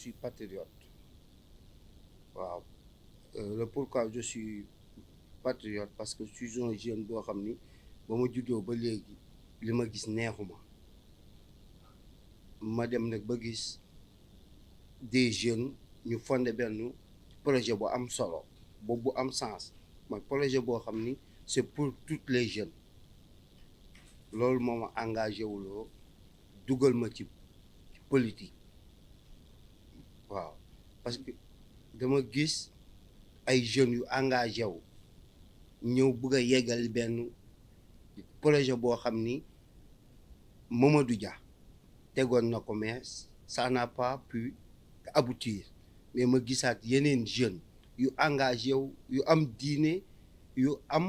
suis patriote. Waaw euh, le pourquoi je suis patriote parce que je suis un jeune boo xam ni ba ma juddoo ba léegi li ma gis neexuma ma dem nag ba gis des jeunes ñu fondé benn projet bu am solo boobu bu am sens mooy projet boo xam c'est pour toutes les jeunes loolu moo ma engagé wuloo dugal ma ci politique waaw parce que dama gis ay jeunes yu engagé wu ñëw bëgg a yeggal benn projet boo xam ni Mamadou Dia tegoon na ko mais ça n'a pas pu aboutir mais ma gisaat yeneen jeunes yu engagé wu yu am diine yu am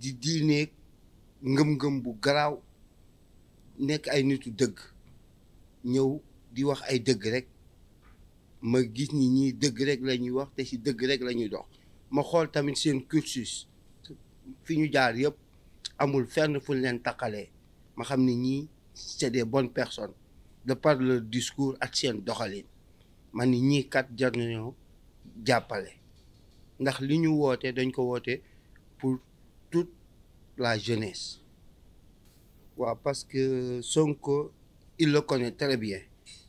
di diine ngëm-ngëm bu garaaw nekk ay nit nitu dëgg ñëw di wax ay dëgg rek ma gis ni ñii dëgg rek la ñuy wax te si dëgg rek la ñuy dox ma xool tamit seen cursus fi ñu jaar yëpp amul fenn fu leen taqalee ma xam ni ñii c'est des bonnes personnes de par leur discours ak seen doxalin ma ni ñii kat jar nañoo jàppale ndax li ñu woote dañ ko woote pour toute la jeunesse waaw parce que Sonko il le connaît très bien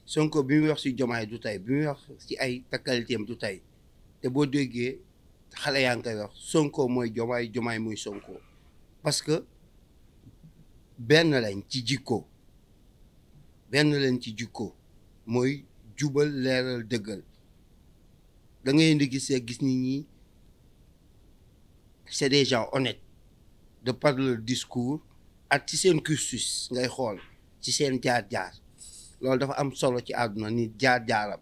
son bi wax si Diomaye du tey bi wax si ay takkalitéem du tey te boo déggee xale yaa ngi son wax Sonko jamais jamais Diomaye son Sonko parce que ben lañ ci jikko ben lañ ci jikko moi jubal leeral dëggal da ngay indi gis gis nit c'est des gens honnêtes de par leur discours ak cursus ngay ci seen jaar-jaar loolu dafa am solo ci àdduna ni jaar-jaaram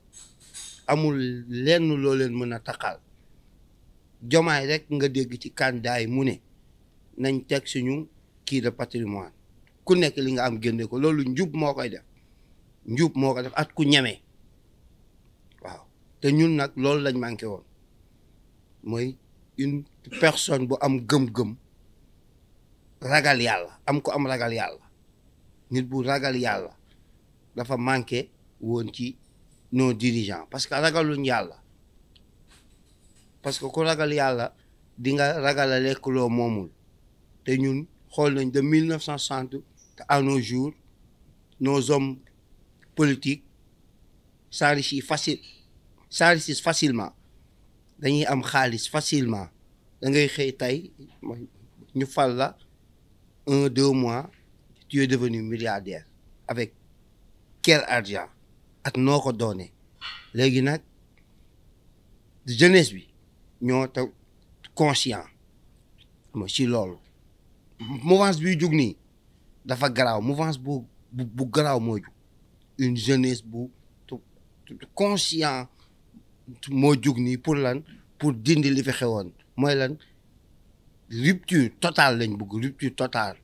amul lenn loo leen mën a taqal jomaay rek nga dégg ci candidat mu ne nañ teg suñu kii de patrimoine ku nekk li nga am génne ko loolu njub moo koy def njub moo ko def at ku ñemee waaw te ñun nag loolu lañ manqué woon mooy une personne bu am gëm-gëm ragal yàlla am ko am ragal yàlla nit bu ragal yàlla dafa manqué ci nos dirigeants parce que ragaluñ yàlla parce que ku ragal yàlla di nga de à nos jours nos hommes politiques s'enrichissent facile facilement dañuy am facilement da ngay xëy tey ñu un deux mois tu es devenu milliardaire avec quel argent at noko donné légui nak de jeunesse bi ño taw conscient ma lol mouvance bi jug nii dafa graw mouvance bu bu graw mo une jeunesse bu conscient mo jug pour lan pour dindi li fi xewoon lan rupture totale lañ bëgg rupture totale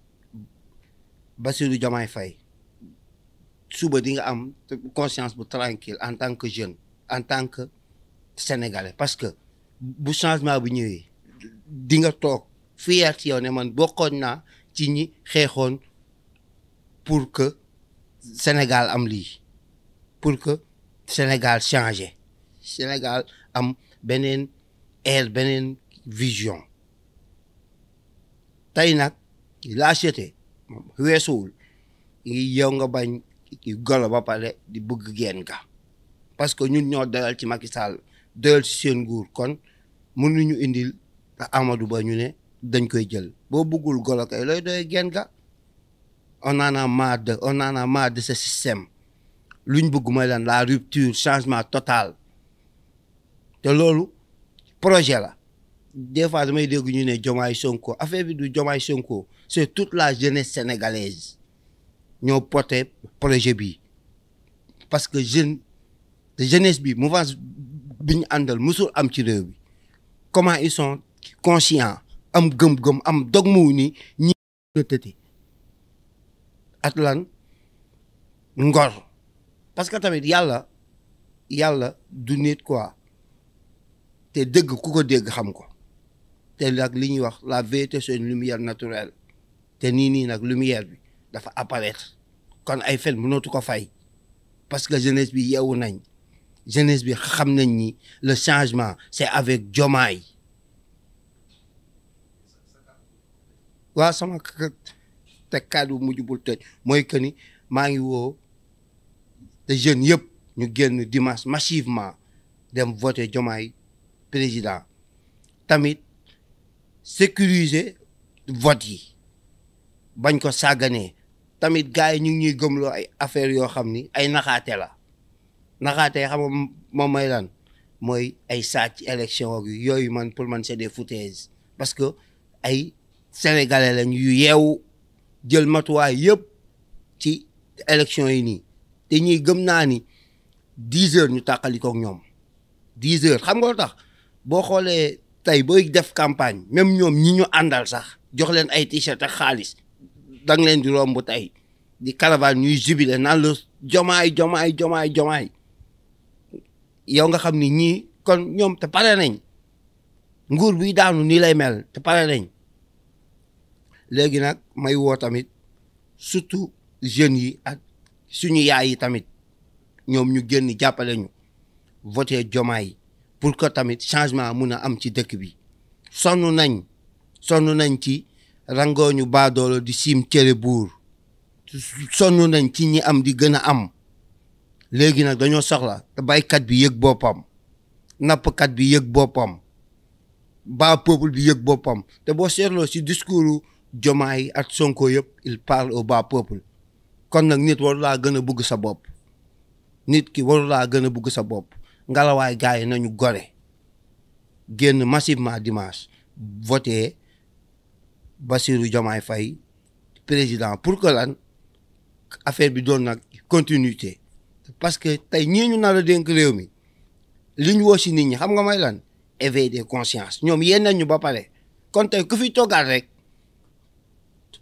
Bassirou Diomaye Faye suba di nga am conscience bu tranquille en tant que jeune en tant que sénégalais parce que bu changement bu ñëwé di nga tok fier ci yow né man bokkoon na ci ñi xeexoon pour que Sénégal am li pour que Sénégal changé Sénégal am benen air benen vision tey nag lâcheté weesuwul yow nga bañ golo ba pare di bëgg geen ga parce que ñun ñoo doyal ci Macky Sall doyal ci seen nguur kon mënuñu indil Amadou Ba ñu ne dañ koy jël boo bëggul golo kay looy doy geen ga on en a de on en a marre de ce luñ bëgg mooy lan la rupture changement total te loolu projet la des fois damay dégg ñu ne Diomaye Sonko affaire bi du Sonko c'est toute la jeunesse sénégalaise ñoo porté projet bi parce que jeune jeunesse bi mouvance bi ñu musul am ci bi comment ils sont conscients am gum gum, am dogma wu ni ñi de at lan ngor parce que tamit yalla yalla du nit quoi te deug kuko deug xam ko la vérité c'est une lumière naturelle té lumière bi dafa apparaître kon ay ko fay parce que jeunesse bi yewu nañ jeunesse bi xam le changement c'est avec Jomay. wa sama te bul ni ngi jeunes ñu génn dimanche massivement dem voter Jomay président tamit sécuriser vote yi bañ ko sàgganee tamit gars yi ñu ngi ñuy gëmloo ay affaires yoo xam ni ay naxaate la naxaate xam nga moom may lan mooy ay sàcc ci élection ak yooyu man pour man c'est des foutaises parce que ay sénégalais lañ yu yeewu jël matuwaay yëpp ci élection yi nii te ñuy gëm naa ni dix heures ñu tàqalikook ñoom dix heures xam nga tax boo xoolee tey booy def campagne même ñoom ñi ñu àndal sax jox leen ay t-shirt ak xaalis da nga leen di romb tey di caravane ñuy jubile naan la jomaay jomaay jomaay yow nga xam ni ñii kon ñoom te pare nañ nguur buy daanu nii lay mel te pare nañ léegi nag may woo tamit surtout jeunes yi ak suñu yaay yi tamit ñoom ñu génn jàppale ñu voté jomaay pour que tamit changement mun a am ci dëkk bi sonn nañ sonn nañ ci rangooñu baadoolo di siim cere buur sonn nañ ci ñi am di gën a am léegi nag dañoo soxla baykat bi yëg boppam nappkat bi yëg boppam ba peuple bi yëg boppam te boo seetloo si discours Diomaye ak Sonko yëpp il parle au bas peuple kon nag nit waru laa gën a bugg sa bopp nit ki waru laa gën a bugg sa bopp ngalawaay gars yi nañu gore génn massivement dimanche voté Bassirou Diomaye fay président pour que lan affaire bi doon nag continuité parce que tey ñii na nar a dénk réew mi li ñu woo si nit ñi xam nga may lan éveil des consciences ñoom yéen nañu ba pare kon tey ku fi toogaat rek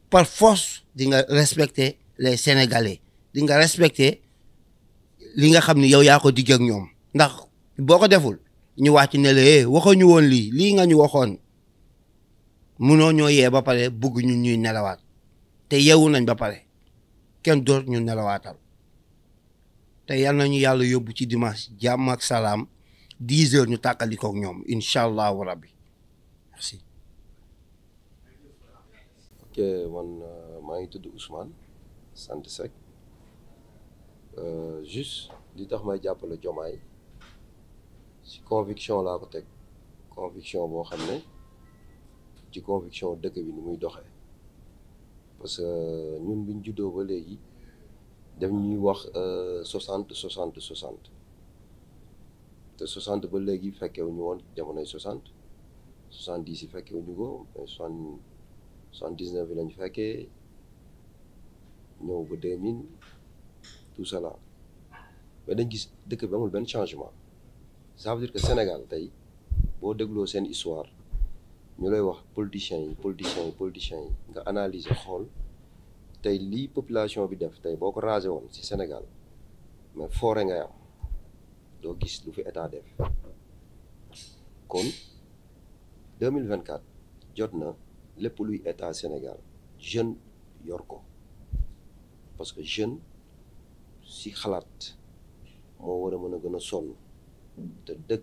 par force di nga respecter les sénégalais di nga respecter li nga xam ni yow yaa ko digg ak ñoom ndax boko deful ñu wacc ne le eh, waxo ñu won li li nga ñu waxon mëno ñoo yé ba paré bëgg ñu ñuy nelawat te yewu nañ ba paré kèn doot ñu nelawatal te yal nañu yalla yobbu ci dimanche jamm ak salam 10 heures ñu ak ñom inshallah wa rabbi merci ok man euh, ma ngi tudd Ousmane sant euh juste li tax may jappale Jomaay si conviction la ko la conviction bo xamné ci conviction dëkk bi ni muy parce que euh, ñun biñ juddoo ba nous, daf ñuy wax 60 euh, soixante soixante te soixante ba ñu won jamono soixante soixante dix ñu tout cela mais dañ gis dëkk bi amul changement ça veut dire que Sénégal tey boo dégloo seen histoire ñu lay wax politiciens yi politiciens yi politiciens yi nga analyse xool tey lii population bi def tey boo ko rasé woon ci Sénégal mais foore ngay am doo gis lu fi état def kon 2024 jot na lépp luy état Sénégal jeune yor ko parce que jeune ci xalaat moo war a mën a gën a sonn de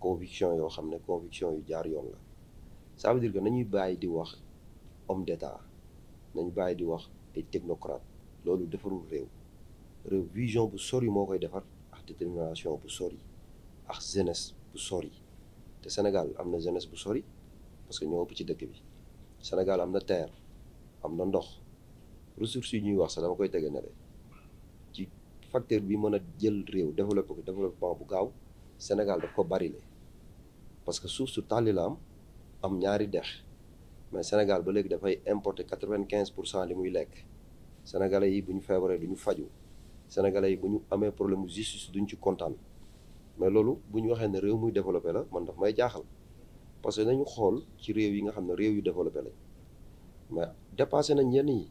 conviction yoo xam conviction yu jaar ça veut dire que di wax d'état nañu bàyyi di wax ay technocrate vision bu sori moo détermination bu sori ak jeunesse bu sori te Sénégal am jeunesse bu sori parce que ñoo ëpp ci dëkk bi Sénégal am na terre am ndox ressources ñuy wax facteur bi mën a jël réew développé ko développement bu gaaw Sénégal daf ko bari le parce que suuf su tàlli la am am ñaari dex mais Sénégal ba léegi dafay importe quatre vingt quinze pour cent li muy lekk sénégalais yi bu ñu feebaree du ñu faju sénégalais yi bu ñu amee problème mu justice duñu ci kontaan mais loolu bu ñu waxee ne réew muy développé la man daf may jaaxal parce que nañu xool ci réew yi nga xam ne réew yu développé lañ mais dépassé nañ ñenn yi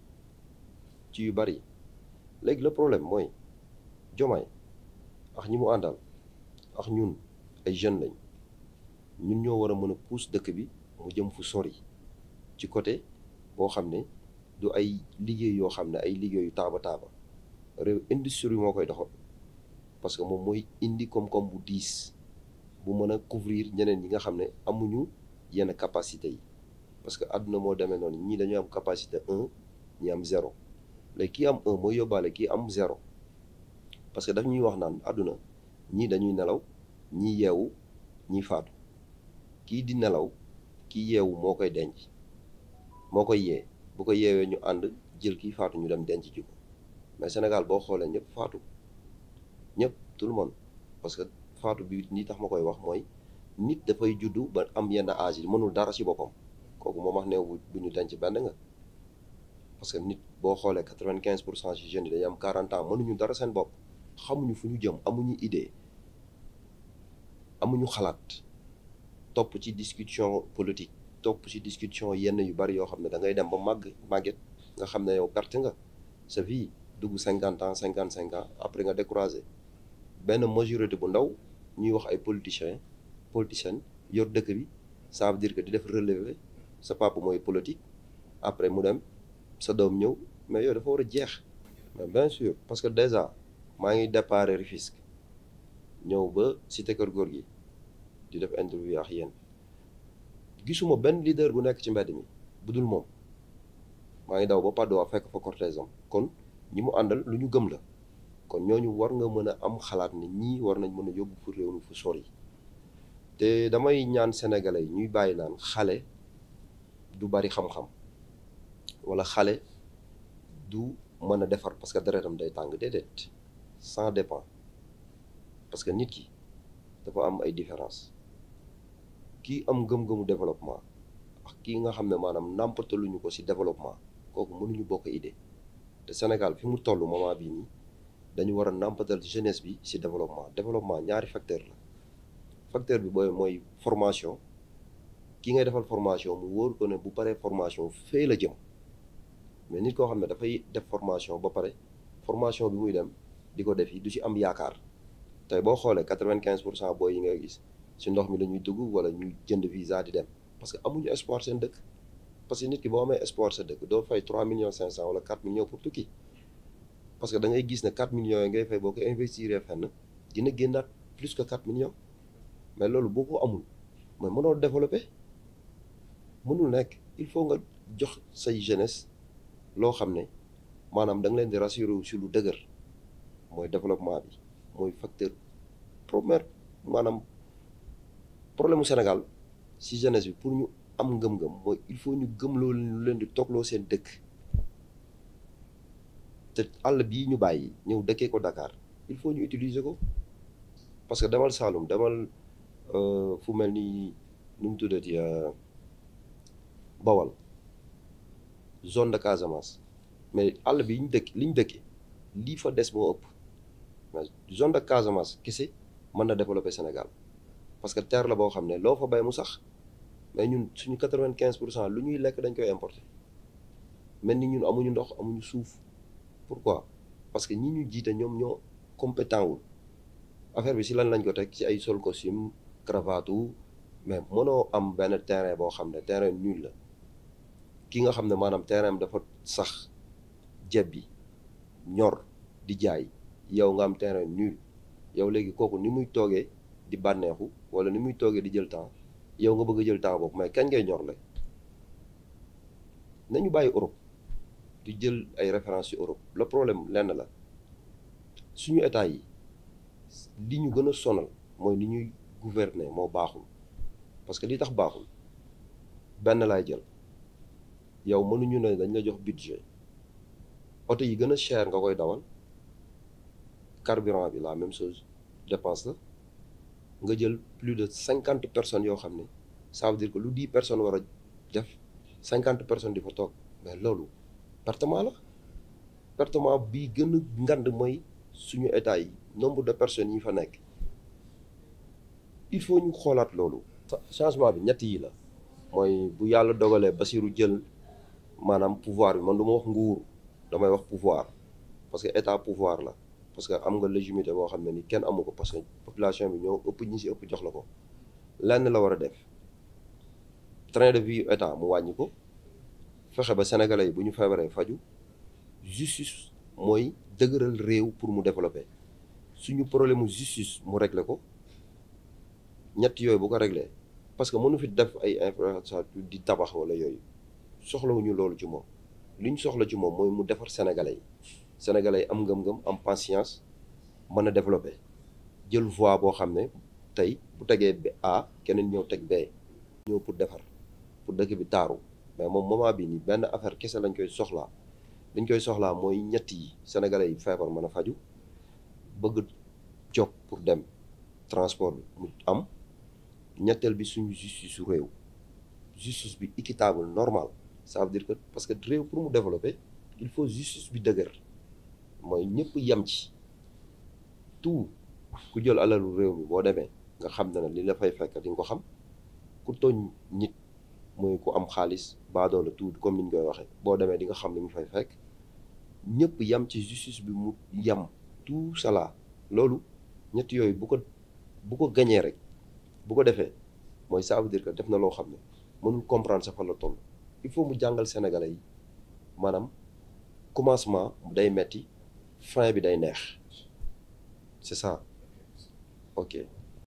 ci yu bari léegi le problème mooy. Diomaye ax ñi mu àndal ak ñun ay jeunes lañ ñun ñoo war a mën a pousse dëkk bi mu jëm fu sori ci côté boo xam ne du ay liggéey yoo xam ne ay liggéeyu taaba taaba réew industrie moo koy doxal parce que moom mooy indi koom-koom bu diis bu mën a couvrir ñeneen yi nga xam ne amuñu yenn capacité yi parce que àdduna moo demee noonu ñii dañu am capacité un ñi am zéro léegi kii am un mooy yóbbaale kii am zéro. parce que daf ñuy wax naan aduna ñi dañuy nelaw ñi yeewu ñi faatu kii di nelaw ki yeewu moo koy denc moo koy yee bu ko yeewee ñu ànd jël kii faatu ñu dem denc ji ko mais Sénégal boo xoolee ñëpp faatu ñëpp tout le monde parce que faatu bi ni tax ma koy wax mooy nit dafay judd ba am yenn âge yi mënul dara si boppam kooku moom wax ne bu ñu denc benn nga parce que nit boo xoolee quatre-vingt-quinze pour cent si jeunes yi dañuy am quarante ans mënuñu dara seen bopp xamuñu fu ñu jëm amuñu idée amuñu xalaat topp ci discussion politique topp ci discussion yenn yu bari yoo xam ne da ngay dem ba màgg màgget nga xam ne yow perte nga sa vie dugg 50 ans 55 ans après nga décroisé benn majorité bu ndaw ñuy wax ay politiciens politiciens yor dëkk bi ça veut dire que di def relevé sa papa mooy politique après mu dem sa doom ñëw mais yooyu dafa war a jeex mais bien sûr parce que déjà maa ngi départ Rufisque sita ba té kër gor gi di def interview ak yeen gisuma ben leader bu nek ci mbéd mi budul mom moom ngi daw ba Padoa fekk fa cortésam kon ñi mu andal lu ñu gëm la kon ñoñu war nga mëna am xalaat ni ñi war nañ mëna yobbu yóbbu fu réew fu sori té damay ñaan sénégalais ñuy bayyi naan xalé du bari xam-xam wala xalé du mëna défar defar parce que dérétam day tang dédét sans dépend parce que nit ki dafa am ay différence kii am gëm-gëmu développement ak kii nga xam ne maanaam nàmpataluñu ko ci développement kooku mënuñu bokk idée te Sénégal fi mu toll moment bii nii dañu war a nàmpatal jeunesse bi ci développement développement ñaari facteur la facteur bi booy mooy formation ki ngay defal formation mu wóor ko ne bu paree formation fee la jëm mais nit koo xam ne dafay def formation ba pare formation bi muy dem di ko def yi du ci am yaakaar tey boo xoolee quatre-vingt-quinze pour cent booy yi ngay gis si ndox mi la ñuy dugg wala ñu jënd visa di dem parce que amuñu espoir seen dëkk parce que nit ki boo amee espoir sa dëkk doo fay trois millions cinq cent wala quatre millions pour tukki parce que da ngay gis ne quatre millions yi ngay fay boo ko investir fenn dina génnaat plus que quatre millions mais loolu boo ko amul mais mënoo développer mënul nekk il faut nga jox say jeunesse loo xam ne maanaam da nga leen di rassurer si lu dëgër. mooy développement bi mooy facteur première maanaam problème Sénégal si jeunesse bi pour ñu am ngëm-ngëm mooy il faut ñu gëm loolu lu leen di toogloo seen dëkk te àll bii ñu bàyyi ñëw dëkkee ko dakaar il faut ñu utiliser ko parce que demal Saalum demal euh, fu mel ni nu mu tuddati euh, Bawal zone de Casamance mais àll bi ñu dëkk li ñu dëkkee lii fa des boo ëpp. mais zone de Casamance kisi mën na développer Sénégal parce que terre la boo xam ne loo fa bay mu sax mais ñun suñu quatre-vingt-quinze pour cent lu ñuy lekk dañ koy importer mel ni ñun amuñu ndox amuñu suuf pour quoi parce que ñi ñu jiite ñoom ñoo compétent wul affaire bi si lan lañ ko teg ci ay sol costume cravate mais mënoo am benn terrain boo xam ne terrain nul la ki nga xam ne maanaam terrain dafa sax jeb bi ñor di jaay yow nga am terrain nul yow léegi kooku ni muy toogee di bànneexu wala ni muy toogee di jël temps yow nga bëgg a jël temps boobu mais kañ ngay ñor la nañu bàyyi Europe di jël ay références yu Europe le problème lenn la suñu état yi li ñu gën a sonal mooy ni ñuy gouverner moo baaxul parce que li tax baaxul benn laay jël yow mënuñu ne dañ la jox budget oto yi gën a cher nga koy dawal carburant bi la même chose dépense la nga jël plus de 50 personnes yo xamné ça veut dire que lu 10 personnes wara def 50 personnes di fa toog mais lolu pertement la pertement bi gën ngand moy suñu état yi nombre de personnes yi fa nek il faut ñu xolat lolu changement bi ñet yi la moy bu yalla dogalé Basiru jël manam pouvoir bi man duma wax nguur damay wax pouvoir parce que état pouvoir la parce que am nga légitimité boo xam ne ni kenn amu ko parce que population bi ñoo ëpp ñi si ëpp jox la ko lenn la war a def train de vie état mu wàññi ko fexe ba sénégalais yi bu ñu feebaree faju justice mooy dëgëral réew pour mu développer suñu problème mu justice mu réglé ko ñett yooyu bu ko réglé parce que mënu fi def ay infrastructure di tabax wala yooyu soxlawuñu loolu ci moom li ñu soxla ci moom mooy mu defar sénégalais yi sénégalais am ngëm-ngëm am patience mën développer jël voie bo xamné tay bu tegee bi A kenen ñëw teg B ñëw pour défar pour dëkk bi taru mais mom moment bi ni ben affaire kese lañ koy soxla liñ koy soxla moy ñett yi sénégalais yi feebar mën faju bëgg jóg pour dem transport mu am ñettel bi suñu justice réew justice bi équitable normal ça veut dire que parce que réew pour mu développer il faut justice bi dëgër moy ñepp yamchi ci tout ku jël alalu rew mi bo démé nga xam na li la fay fekk di nga xam ku togn nit moy ku am ba do la tuut comme niñ koy waxé bo démé di nga xam li fay fekk ñepp yam ci justice bi mu yam tu cela lolu ñet yoy bu ko bu ko gagné rek bu ko défé moy ça veut dire que def na lo xamné mënu comprendre sa fa la tollu il faut mu jangal sénégalais yi manam commencement day metti fin bi day neex c'est ça ok